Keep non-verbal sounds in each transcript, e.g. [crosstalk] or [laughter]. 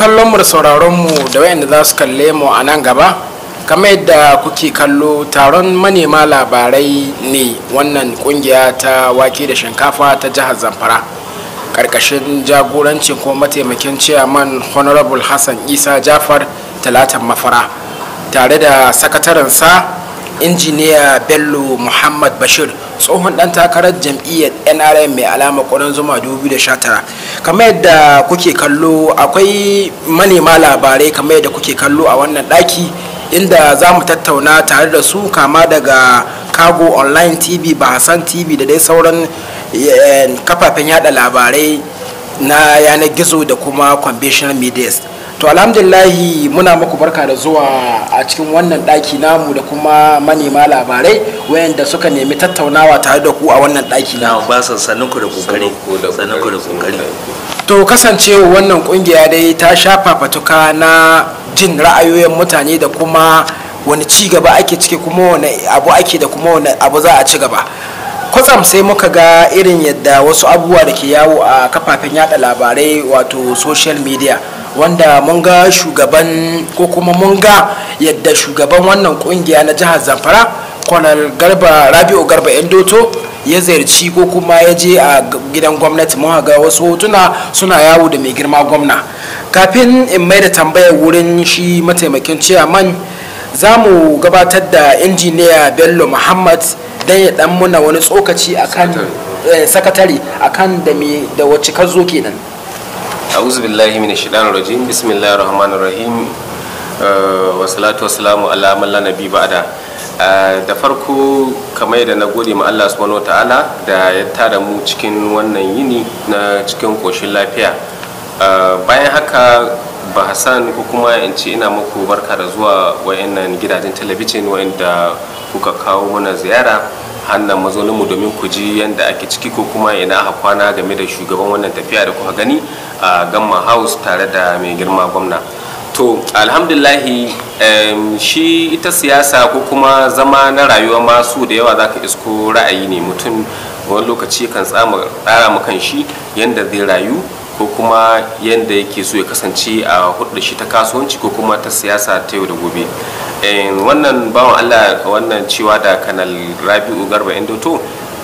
kallon mu da sauraron mu da wayanda za su kalle mu a nan gaba kamar yadda kuke kallo taron manema labarai ne wannan kungiya ta wake da shinkafa ta jihar zamfara karkashin jagorancin ko mataimakin ciyaman honorable hassan isa jafar talatan mafara tare da sakatarensa injiniya bello muhammad bashir tsohon ɗan takarar jam'iyyar nrm mai alama ƙudan zuma 2019 kamar yadda kuke kallo akwai manema labarai kamar yadda kuke kallo a wannan ɗaki inda za mu tattauna tare da su kama daga kago online tv bahasan tv da dai sauran eh, kafafen yada labarai na yanar gizo da kuma conventional medias to alhamdulillahi muna muku barka da zuwa a cikin wannan ɗaki namu da kuma manema labarai wayanda suka nemi tattaunawa tare da ku a wannan ɗaki namu ba san sannan ku da kokari sannan ku da kokari to kasancewa wannan kungiya dai ta shafa fatuka na jin ra'ayoyin mutane da kuma wani ci gaba ake ciki kuma wani abu ake da kuma wani abu za a ci gaba kwatsam sai muka ga irin yadda wasu abubuwa da ke yawo a kafafen yada labarai wato social media wanda mun ga shugaban ko kuma mun ga yadda shugaban wannan kungiya na jihar zamfara kwanar garba rabi'u garba yan doto ya ziyarci ko kuma ya je a gidan gwamnati mun ga wasu hotuna suna yawo da mai girma gwamna kafin in mai da tambayar wurin shi mataimakin ciyaman za mu gabatar da injiniya bello muhammad don ya dan muna wani tsokaci akan sakatare eh, akan da da wacce ka zo kenan a'udhu billahi minash shaitanir rajim bismillahir rahmanir rahim wa salatu wassalamu ala man nabi ba'da da farko kamar yadda na gode ma Allah subhanahu Ta'ala da ya tada mu cikin wannan yini na cikin koshin lafiya ah, bayan haka ba hassan ko kuma in ce ina muku barka da zuwa wayannan gidajen talabijin wayanda kuka kawo mana ziyara hannan mazauninmu domin ku ji yadda ake ciki ko kuma ina aka kwana game da shugaban wannan tafiya da kuka gani a gamma house tare da mai girma gwamna to alhamdulahi shi ita siyasa ko kuma zama na rayuwa masu da yawa zaka isko ra'ayi ne mutum wani lokaci kan tsara mu kan shi yadda zai rayu ko kuma yadda yake so ya kasance a hudu shi ta kasuwanci ko kuma ta siyasa ta yau da gobe eh, wannan bawan allah wannan cewa da kanal rabi'u garba to?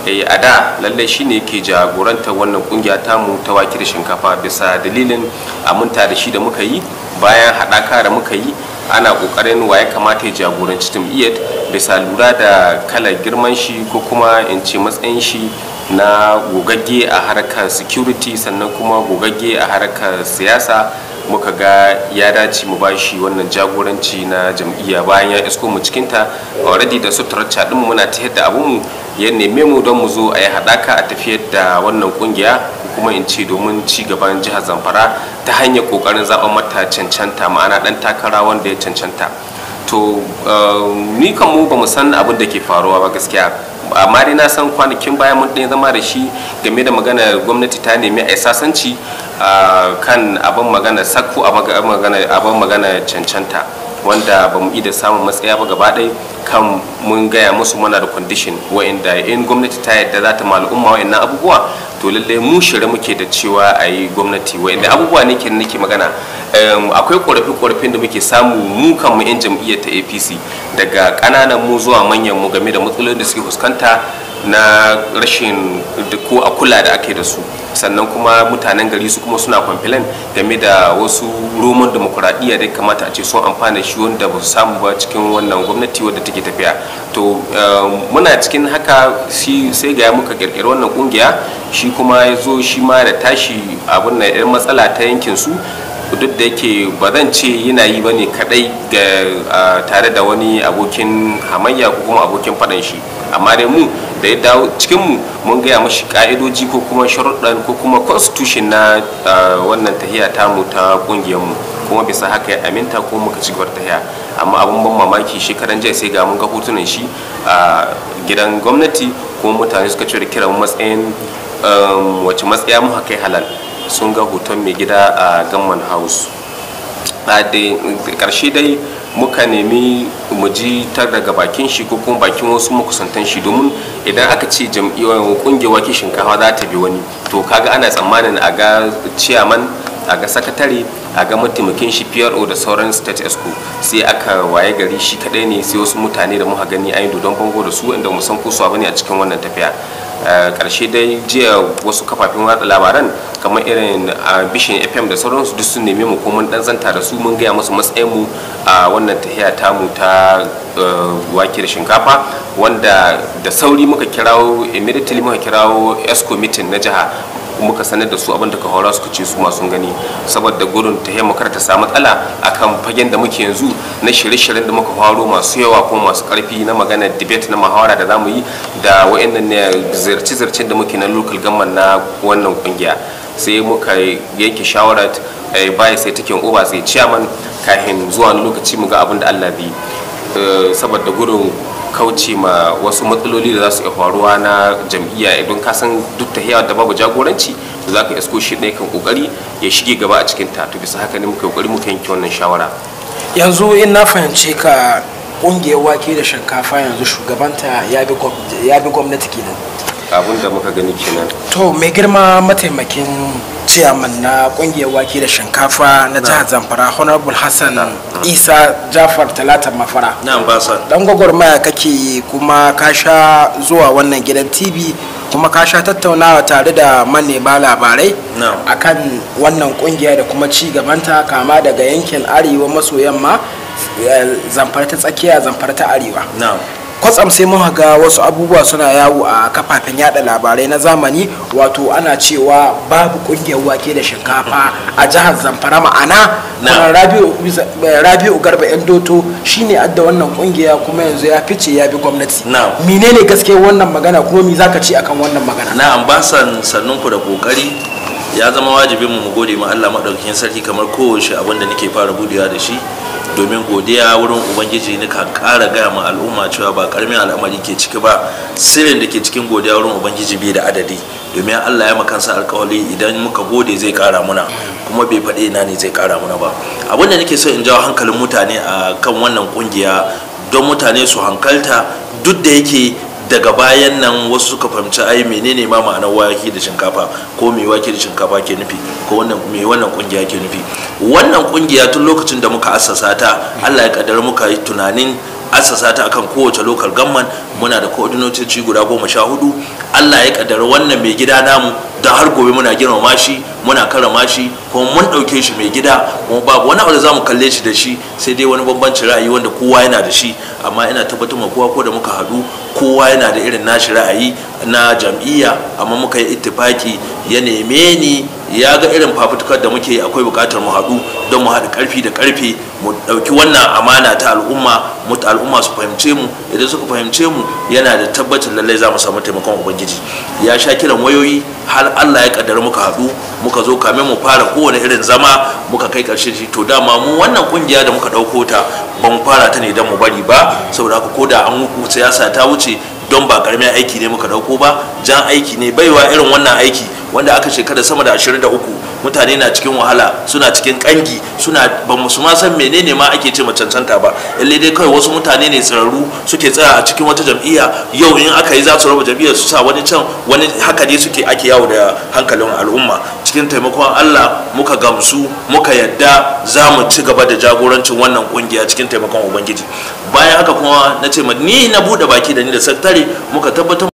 Eh, a da lallai shi ne ke jagorantar wannan kungiya tamu ta waki da shinkafa bisa dalilin aminta da shi da muka yi bayan haɗaka da muka yi ana ƙoƙarin wa ya kamata ya jagoranci jam'iyyar bisa lura da kalar girman shi ko kuma in ce matsayin shi na gogagge a harkar security sannan kuma gogagge a harkar siyasa muka ga ya dace mu ba shi wannan jagoranci na jam'iyya bayan ya isko mu cikinta already da suturarca din muna ta da abinmu ya neme mu don mu zo a yi haɗaka a tafiyar da wannan ƙungiya kuma in ce domin ci gaban jihar zamfara ta hanyar kokarin zaben mata cancanta ma'ana ɗan takara wanda ya cancanta to eh, ni kan mu ba mu san abin da ke faruwa ba gaskiya amma dai na san kwanakin baya mun ɗaya zama da shi game da magana gwamnati ta nemi a sasanci ah, kan abin magana sakko abin magana cancanta wanda ba mu da samun matsaya ba gaba ɗai kan mun gaya musu muna da condition wa'inda in gwamnati ta yadda za ta ma al'umma na abubuwa to lallai mu shirin muke da cewa a yi gwamnati wa'inda abubuwa ne ke nake magana akwai korafi ƙorafin da muke samu mu kanmu 'yan jam'iyyar ta apc daga ƙananan mu zuwa manyan mu game da matsalolin da suke fuskanta na rashin ko a kula da ake da su sannan kuma mutanen gari su kuma suna kwamfilan game da wasu roman demokuraɗiyya da kamata a ce sun amfana shi wanda ba su samu ba cikin wannan gwamnati wadda take tafiya to eh, muna cikin haka sai ga muka kirkiri wannan kungiya shi kuma ya zo shi ma da tashi abin na matsala ta yankin su duk da yake ba zan ce yana yi ba ne kadai ga tare da wani abokin hamayya ko kuma abokin faɗan shi amma dai mu da ya dawo cikin mu mun gaya mashi ka'idoji ko kuma sharuɗan ko kuma constitution na wannan tahiya ta mu ta ƙungiyar mu kuma bisa haka ya aminta ko muka ci gabar tahiya amma abun ban mamaki shekaran jiya sai ga mun ga hotunan shi a gidan gwamnati kuma mutane suka ce da kiran matsayin um, wace matsaya mu kai halal sun ga hoton mai gida a gamman house a karshe dai muka nemi mu ji ta daga bakin shi ko kuma bakin wasu makusantan shi domin idan aka ce jam'iyyar kungiyar wake shinkafa za ta bi wani to kaga ana tsammanin a ga ciyaman a ga sakatare a ga mataimakin shi pro da sauran state esco sai aka waye gari shi kadai ne sai wasu mutane da muka gani a yi dodon bango da su inda mu san ko su ne a cikin wannan tafiya karshe dai jiya wasu kafafen watsa labaran kamar irin bishin fm da sauransu duk sun neme mu ko mun dan zanta da su mun gaya musu matsayin mu a wannan tahiya ta mu e, ta wake da shinkafa wanda da sauri muka kirawo immediately muka kirawo esco meeting na jiha Kuma muka sanar da su abin da ka hora su ce su masu gani saboda gurin ta yamma kar ta samu matsala akan fagen da muke yanzu na shirye-shiryen da muka faro masu yawa kuma masu karfi na magana debate na muhawara da zamu yi da wayannan zirce-zircen da muke na local government na wannan kungiya sai muka yanke shawarar bayan eh, sai take uba sai ciyaman kafin zuwa lokaci mu ga abin da Allah bi eh, saboda gurin kauce ma wasu matsaloli da za su iya faruwa na jam'iyya idan ka san duk ta da babu jagoranci to za ka isko shi ne kan kokari ya shige gaba a cikin ta to bisa haka ne muka kokari muka yanke wannan shawara yanzu in na fahimce ka ƙungiyar wake da shinkafa yanzu shugabanta ya bi gwamnati kenan abun da muka gani kenan to mai girma mataimakin ciyaman na kungiyar wake da shinkafa na jihar zamfara honorable hassan isa jafar talata mafara dan gwagwarmaya kake kuma ka sha zuwa wannan gidan tv kuma ka sha tattaunawa tare da manema labarai akan wannan kungiya da kuma ci gabanta kama daga yankin arewa maso yamma eh, zamfara ta tsakiya zamfara ta arewa kwatsam sai mun ga wasu abubuwa suna yawo a kafafen yada labarai na zamani wato ana cewa babu kungiyar wake da shinkafa a jihar zamfara ma'ana rabi'u garba yan doto shine adda wannan kungiya kuma yanzu ya fice ya bi gwamnati menene gaskiya wannan magana kuma me zaka ci akan wannan magana na'am ba san sannunku da kokari ya zama wajibin mu gode ma Allah madaukakin sarki kamar kowace abin da nake fara budewa da shi domin godiya wurin ubangiji ni kan ƙara gaya ma al'umma cewa ba karamin al'amari ke ciki ba sirrin da ke cikin godiya wurin ubangiji bi da adadi domin Allah ya makansa alkawali idan muka gode zai kara muna kuma bai faɗi ina ne zai kara muna ba abin da nake so in jawo hankalin mutane a kan wannan kungiya don mutane su hankalta duk da yake daga bayan nan wasu suka fahimci ai menene ma ma'anar wake da shinkafa ko me wake da shinkafa ke nufi ko wannan me wannan kungiya ke nufi wannan kungiya tun lokacin da muka assasa ta Allah ya kaddara muka yi tunanin assasa ta akan kowace local government muna da ci guda goma sha hudu Allah ya kaddara wannan mai gida namu da har gobe muna girmama shi muna karama shi kuma mun ɗauke shi mai gida kuma babu wani abu da za mu kalle shi da shi sai dai wani bambanci ra'ayi wanda kowa yana da shi amma ina tabbatar ma kowa ko da muka haɗu kowa yana da irin nashi ra'ayi na jam'iyya amma muka yi ittifaki ya neme ni ya ga irin fafutukar da muke akwai buƙatar mu haɗu don mu haɗa ƙarfi da ƙarfe mu ɗauki wannan amana ta al'umma mu ta al'umma su fahimce mu idan suka fahimce mu yana da tabbacin lallai za mu samu taimakon ubangiji ya sha kiran wayoyi har allah ya kaddara muka haɗu muka zo kame mu fara kowane irin zama muka kai ƙarshe shi to dama mu wannan kungiya da muka ɗauko ta ba fara ta ne don mu bari ba saboda haka ko da an siyasa ta wuce don ba karamin aiki ne muka ɗauko ba jan aiki ne baiwa irin wannan aiki wanda aka shekara sama da 23 mutane na cikin wahala suna cikin kangi suna ba su ma san menene ma ake ce cancanta ba lalle dai kawai wasu mutane ne tsararru suke tsaya a cikin wata jam'iyya yau in aka yi za su raba jam'iyyar su sa wani can wani haka ne suke ake yawo da hankalin al'umma cikin taimakon Allah muka gamsu muka yadda za mu ci gaba da jagorancin wannan kungiya cikin taimakon ubangiji bayan haka kuma na ce ni na bude baki da ni da sakatare muka tabbatar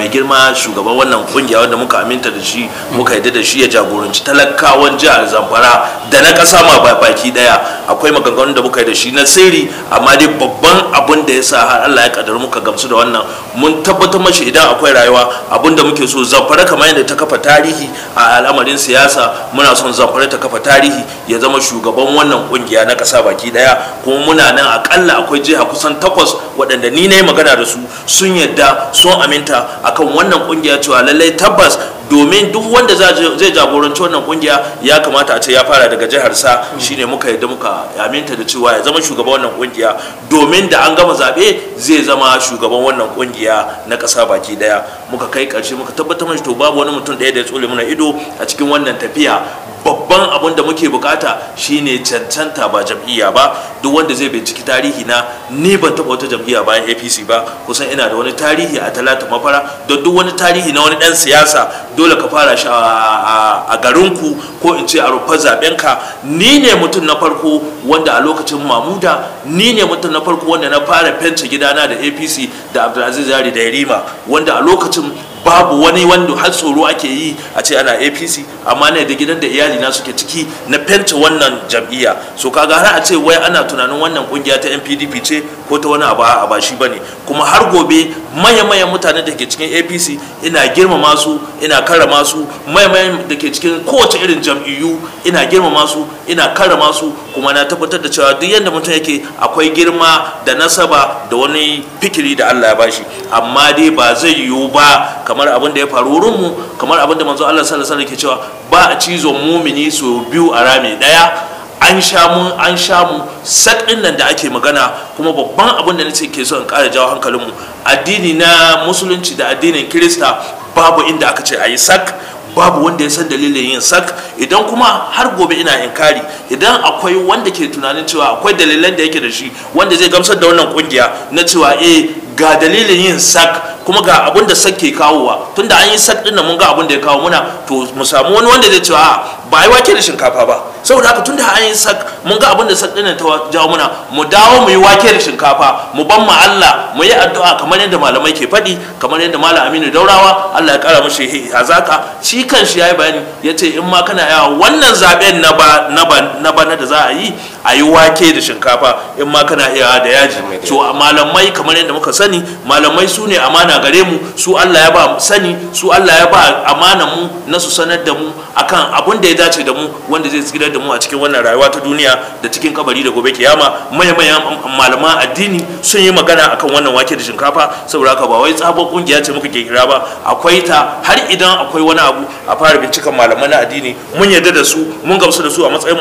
mai girma shugaban wannan kungiya wanda muka aminta da shi muka yadda da shi ya jagoranci talakawan jihar zamfara da na kasa ma baki daya akwai maganganun da muka yi da shi na sirri amma dai babban abin da ya sa har Allah ya kaddara muka gamsu da wannan mun tabbatar mashi idan akwai rayuwa abin da muke so zamfara kamar yadda ta kafa tarihi a al'amarin siyasa muna son zamfara ta kafa tarihi ya zama shugaban wannan kungiya na kasa baki daya kuma muna nan akalla akwai jiha kusan takwas waɗanda ni na yi magana da su sun yadda sun aminta a akan wannan kungiya cewa lallai tabbas domin duk wanda zai jagoranci wannan kungiya ya kamata a ce ya fara daga jihar sa shine muka yadda muka aminta da cewa ya zama shugaban wannan kungiya domin da an gama zabe zai zama shugaban wannan kungiya na kasa baki daya muka kai karshe muka tabbatar mashi to babu wani mutum ɗaya da ya tsole mana ido a cikin wannan tafiya babban abin da muke bukata shine cancanta ba jam'iyya ba duk wanda zai binciki tarihi na ni ban taba wata jam'iyya bayan apc ba kusan ina da wani tarihi a talata mafara don duk wani tarihi na wani dan siyasa dole ka fara shi a garinku ko in ce a rufar zaɓenka ni ne mutum na farko wanda a lokacin mamuda ni ne mutum na farko wanda na fara fence gidana da apc da abdulaziz yari da yarima wanda a lokacin babu wani wanda har tsoro ake yi a ce ana apc amma ne da gidan da iyali na suke ciki na fenta wannan jam'iyya so ka ga a ce wai ana tunanin wannan kungiya ta npdp ce ko ta wani abu a ba shi bane kuma har gobe manya-manyan mutane da ke cikin apc ina girmama su ina karrama su manya-manyan da ke cikin kowace irin jam'iyyu ina girmama su ina karrama su kuma na tabbatar da cewa duk yadda mutum yake akwai girma da nasaba da wani fikiri da allah ya bashi amma dai ba zai yiwu ba kamar abin da ya faru wurinmu kamar abin da manzo allah sallallahu alaihi ke cewa ba a cizon mumini sau biyu a rami daya an sha mu an sha mu sakin nan da ake magana kuma babban abin da nace ke so in ƙara jawo hankalinmu addini na musulunci da addinin kirista babu inda aka ce ayi sak babu wanda ya san dalilin yin sak idan kuma har gobe ina inkari idan akwai wanda ke tunanin cewa akwai dalilan da yake da shi wanda zai gamsar da wannan kungiya na cewa eh ga dalilin yin sak kuma ga abin da sak ke kawowa tunda an yi sak din mun ga abin da ya kawo muna to mu samu wani wanda zai cewa ba a yi wake da shinkafa ba saboda haka tun da an yi sak mun ga abin da sak ɗin ta jawo muna mu dawo mu yi wake da shinkafa mu ban ma Allah mu yi addu'a kamar yadda malamai ke faɗi kamar yadda malam Aminu Daurawa Allah ya kara mishi hazaka shi kan shi yayi bayani yace in ma kana yawa wannan zaben na ba na ba na bana da za a yi a yi wake da shinkafa in ma kana iya da yaji to malamai kamar yadda muka sani malamai su ne amana gare mu su Allah ya ba sani su Allah ya ba amanan mu na su sanar da mu akan abin da ya dace da mu wanda zai tsirar da mu a cikin wannan rayuwa ta duniya da cikin kabari da gobe kiyama maya maya malaman addini sun yi magana akan wannan wake da shinkafa saboda haka ba wai tsabon kungiya ce muka kira ba akwai ta har idan akwai wani abu a fara bincikan malaman na addini mun yarda da su mun gamsu da su a matsayin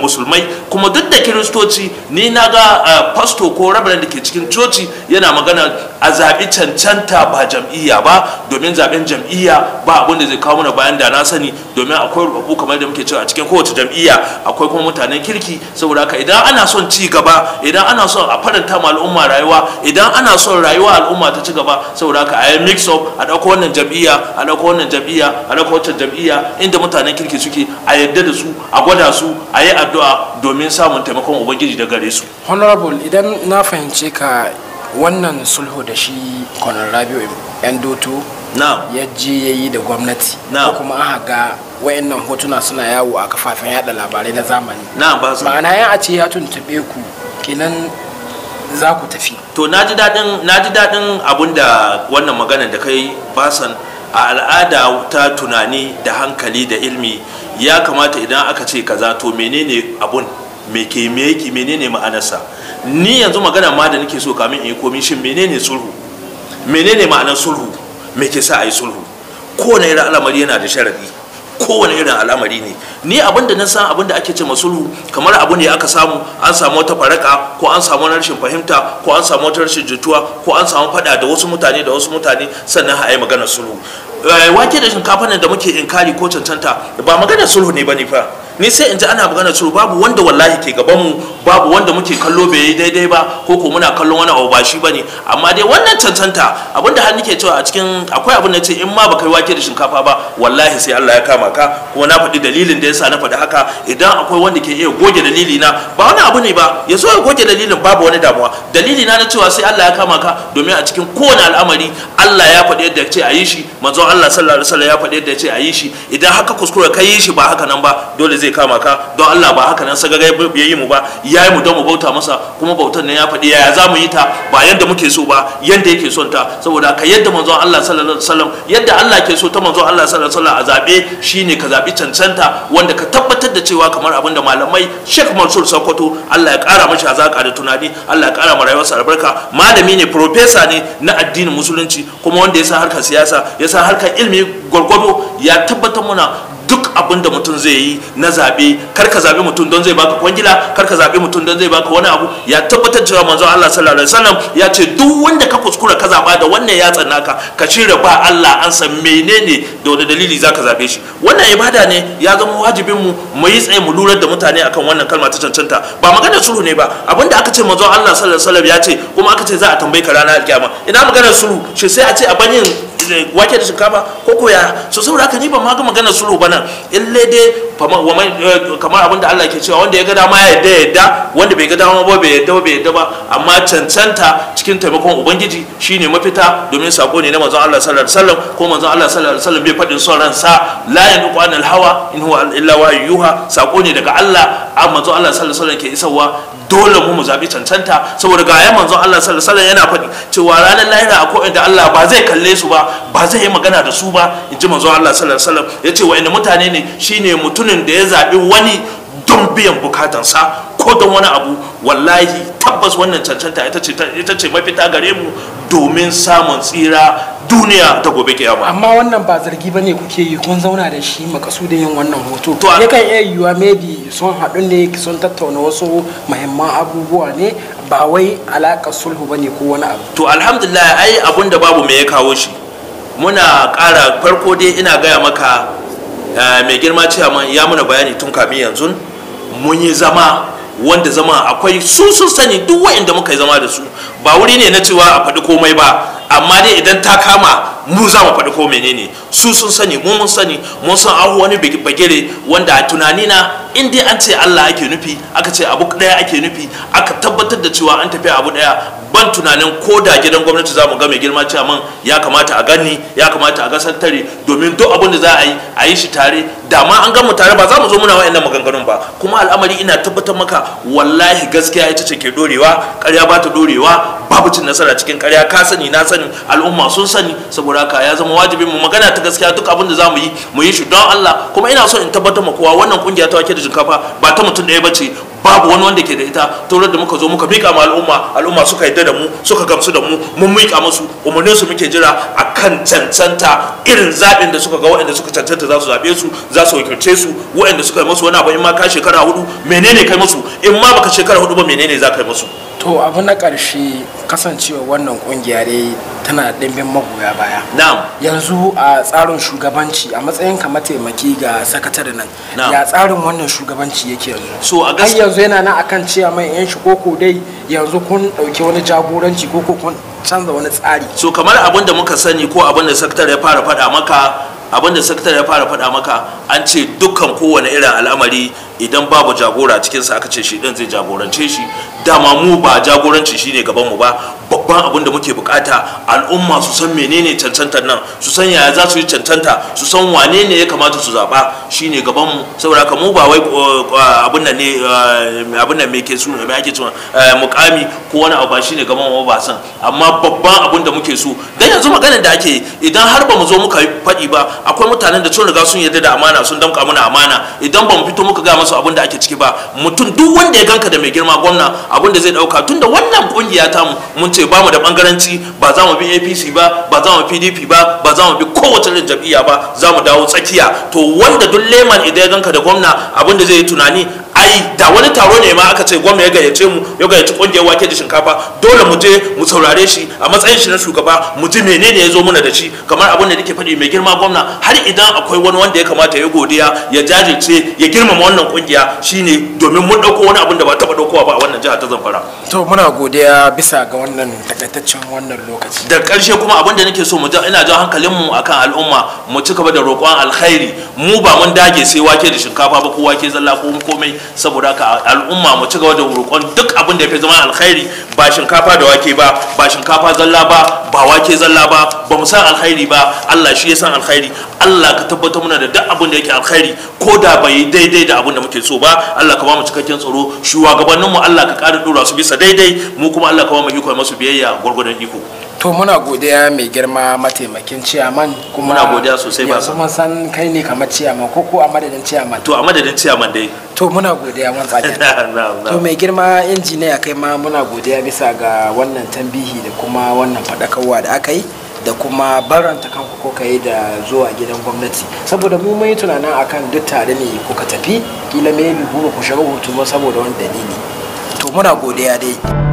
musulmai kuma duk da kiristoci ni na ga pasto ko rabarin da ke cikin coci yana magana a zaɓi cancanta ba jam'iyya ba domin zaɓen jam'iyya ba abin da zai kawo mana bayan da na sani domin akwai kamar da muke cewa a cikin kowace jam'iyya akwai kuma mutanen kirki saboda haka idan ana son ci gaba idan ana son a faranta ma al'umma rayuwa idan ana son rayuwa al'umma ta ci gaba saboda haka a yi mix up a dauko wannan jam'iyya a dauko wannan jam'iyya a dauko wata jam'iyya inda mutanen kirki suke a yadda da su a gwada su a yi addu'a domin samun taimakon ubangiji da gare su honorable idan na fahimce ka wannan sulhu da shi kwanar rabiu yan doto ya je ya da gwamnati ko kuma aka ga nan hotuna suna yawo a kafafen yada labarai na zamani na ba su ma'ana yan a ce ya tuntube ku kenan za ku tafi to na ji daɗin na ji abun da wannan magana da kai basan a al'ada ta tunani da hankali da ilmi ya kamata idan aka ce kaza to menene abun me ke me yake menene ma'anarsa ni yanzu magana ma da nake so kamin in yi komi shin menene sulhu menene ma'anar sulhu me ke sa a yi sulhu kowane irin al'amari yana da sharadi kowane irin al'amari ne ni abin da na san abin da ake ce sulhu kamar abu ne aka samu an samu wata faraka ko an samu rashin fahimta ko an samu wata rashin jituwa ko an samu fada da wasu mutane da wasu mutane sannan a yi maganar sulhu eh, wake da shinkafa da muke inkari ko cancanta ba magana sulhu ne ba ne fa ni sai in ji ana magana cewa babu wanda wallahi ke gaban mu babu wanda muke kallo bai yi daidai ba ko ko muna kallon wani abu ba shi ne amma dai wannan cancanta abinda har nake cewa a cikin akwai abin da ce in ma baka yi wake da shinkafa ba wallahi sai Allah ya kama ka kuma na faɗi dalilin da yasa na faɗi haka idan akwai wanda ke iya goge dalili na ba wani abu ne ba ya zo ya goge dalilin babu wani damuwa dalili na na cewa sai Allah ya kama ka domin a cikin kowane al'amari Allah ya faɗi yadda ce a yi shi manzon Allah sallallahu alaihi wasallam ya faɗi yadda ce a yi shi idan haka kuskure ka yi shi ba haka nan ba dole zai zai kama ka don Allah ba haka nan sagaga ya yi mu ba ya yi mu don mu bauta masa kuma bautan nan ya faɗi yaya za mu yi ta ba yadda muke so ba yadda yake son ta saboda ka yadda manzon Allah sallallahu alaihi wasallam yadda Allah ke so ta manzon Allah sallallahu alaihi wasallam a zabe shine ka zabi cancanta wanda ka tabbatar da cewa kamar abin da malamai Sheikh Mansur Sokoto Allah ya kara mashi azaka da tunani Allah ya kara mu rayuwarsa albarka malami ne professor ne na addinin musulunci kuma wanda ya sa harkar siyasa ya sa harkar ilimi gwargwado ya tabbatar muna duk abin da mutum zai yi na zabe karka ka zabe mutum don zai baka kwangila kar ka zabe mutum don zai baka wani abu ya tabbatar cewa manzo Allah sallallahu alaihi wasallam ya ce duk wanda ka kuskura ka zaba da wannan ya tsanaka ka shirya ba Allah an san menene da wani dalili zaka zabe shi wannan ibada ne ya zama wajibin mu mu yi tsaye mu lura da mutane akan wannan kalma ta cancanta ba maganar sulhu ne ba abinda aka ce manzo Allah sallallahu alaihi wasallam ya ce kuma aka ce za a tambaye ka ranar alkiyama ina maganar sulhu shi sai a ce a banyin wake da shinkafa ko koya so saboda haka ni ban ma ga magana sulhu ba nan in dai eh, kamar abinda Allah ke cewa wanda ya ga dama ya yadda yadda wanda bai ga dama ba bai yadda ba bai yadda ba amma cancanta cikin taimakon ubangiji shine mafita domin sako ne na manzon Allah sallallahu alaihi wasallam ko manzon Allah sallallahu alaihi wasallam bai fadin son ransa la yanqu anil hawa in huwa illa wahyuha sako ne daga Allah amma manzon Allah sallallahu alaihi wasallam ke isarwa dole mu zaɓi cancanta saboda ga ayyan manzon Allah sallallahu yana faɗi cewa ranar lahira a inda Allah ba zai kalle su ba ba zai yi magana da su ba in ji manzon Allah sallallahu alaihi wasallam yace wa'anne mutane ne shine mutumin da ya zaɓi wani don biyan bukatansa ko wani abu wallahi tabbas wannan cancanta ita ce mafita gare mu domin samun tsira duniya ta gobe kiyama amma wannan ba zargi ba ne kuke yi kun zauna da shi makasudin yin wannan hoto yakan iya yiwuwa maybe sun haɗu ne sun tattauna wasu muhimman abubuwa ne ba wai alaƙar sulhu ba ne ko wani abu to alhamdulillah ai abun da babu me ya kawo shi muna ƙara farko dai ina gaya maka eh, mai girma cewa ya muna bayani tun kamin yanzu mun yi zama wanda zama akwai su sun sani duk da muka yi zama da su ba wuri ne na cewa a faɗi komai ba amma dai idan ta kama mu za mu faɗi ko ne su sun sani mu mun sani mun san ahu wani bagere wanda a tunani na in dai an ce Allah ake nufi aka ce abu ɗaya ake nufi aka tabbatar da cewa an tafi abu ɗaya ban tunanin ko da gidan gwamnati za mu ga mai girma cewa man ya kamata a gani ya kamata a gasar tare domin duk abin da za a yi a yi shi tare da ma an gamu tare ba za mu zo muna wa'annan maganganun ba kuma al'amari ina tabbatar maka wallahi gaskiya ita ce ke dorewa ƙarya ba ta dorewa babu cin nasara cikin karya ka sani na sani al'umma sun sani saboda haka ya zama wajibin mu magana ta gaskiya duk abin da za mu yi mu yi shi don Allah kuma ina so in tabbatar ma kowa wannan kungiya ta wake da jinkafa ba ta mutum ɗaya bace babu wani wanda ke da ita taurar da muka zo muka mika ma al'umma al'umma suka yadda da mu suka gamsu da mu mun mika musu umarnin su muke jira a kan cancanta irin zaɓin da suka ga waɗanda suka cancanta za su zaɓe su za su wakilce su waɗanda suka yi musu wani abu in ma ka shekara hudu menene kai musu in ma baka shekara hudu ba menene za ka yi musu to abu na karshe kasancewa wannan kungiya dai tana ɗimbin magoya baya yanzu a tsarin shugabanci a matsayin ka mataimaki ga sakatare nan ya tsarin wannan shugabanci yake yanzu so a yanzu yana nan akan cewa mai yan shi koko dai yanzu kun ɗauki wani jagoranci koko kun canza wani tsari so kamar abin da muka sani ko abin da sakatare ya fara faɗa maka abin da sakatare ya fara faɗa maka an ce dukkan kowane irin al'amari idan babu jagora cikinsa aka ce shi ɗin zai jagorance shi dama mu ba jagoranci shi ne gabanmu ba babban abin da muke bukata al'umma su san menene cancantar nan su san yaya za su yi cancanta su san wane ne ya kamata su zaɓa shi ne gabanmu saboda haka mu ba wai eh, eh, abin nan ne eh, abin nan me ke su me ake cewa mukami ko wani abu ba shi ne gabanmu ba san amma babban abin da muke so dan yanzu maganar da ake idan har ba mu zo muka faɗi ba akwai mutanen da sun riga sun yarda da amana sun damƙa mana amana idan ba mu fito muka ga su abin da ake ciki ba mutum duk wanda ya ganka da mai girma gwamna abin da zai dauka tunda wannan kungiya ta mu mun ce ba mu da bangaranci ba za mu bi APC ba ba za mu PDP ba ba za mu bi kowace irin jam'iyya ba za mu dawo tsakiya to wanda duk leman idan ya ganka da gwamna abin da zai yi tunani ai da wani taro ne ma aka ce gwamna ya gayyace mu ya gayyaci kungiyar wake da shinkafa dole mu je mu saurare shi a matsayin shi na shugaba mu ji menene ya zo mana da shi kamar abin da nake faɗi mai girma gwamna har idan akwai wani wanda ya kamata ya godiya ya jajirce ya girmama wannan kungiya shine domin mun ɗauko wani abin da ba taɓa ɗaukowa ba a wannan jiha ta zamfara. to muna godiya bisa ga wannan takaitaccen wannan lokaci. da ƙarshe kuma abin da nake so mu ina jan hankalinmu akan al'umma mu ci gaba da roƙon alkhairi mu ba mun dage sai wake da shinkafa ba ko wake zalla ko komai saboda haka al'umma mu ci gaba da roƙon duk abin da ya fi zama alkhairi ba shinkafa da wake ba ba shinkafa zalla ba ba wake zalla ba ba mu san alkhairi ba Allah shi ya san alkhairi Allah ka tabbatar muna da duk abin da yake alkhairi ko da bai daidai da abin da muke so ba Allah ka ba mu cikakken tsaro shugabanninmu Allah ka ƙara dora su bisa daidai mu kuma Allah ka ba mu iko masu biyayya gwargwadon iko to muna godiya mai girma mataimakin ciyaman kuma muna godiya sosai ba yanzu mun san kai ne kamar ciyaman ko ko a madadin ciyaman to a madadin ciyaman dai to muna godiya mun tsaki [laughs] to mai girma injiniya kai ma muna godiya bisa ga wannan tambihi da kuma wannan fadakarwa da aka yi da kuma baranta kanku ko kai da zuwa gidan gwamnati saboda mu mai tunanin akan duk tare ne ka tafi kila mai bi ku shiga hutu saboda wani dalili to muna godiya dai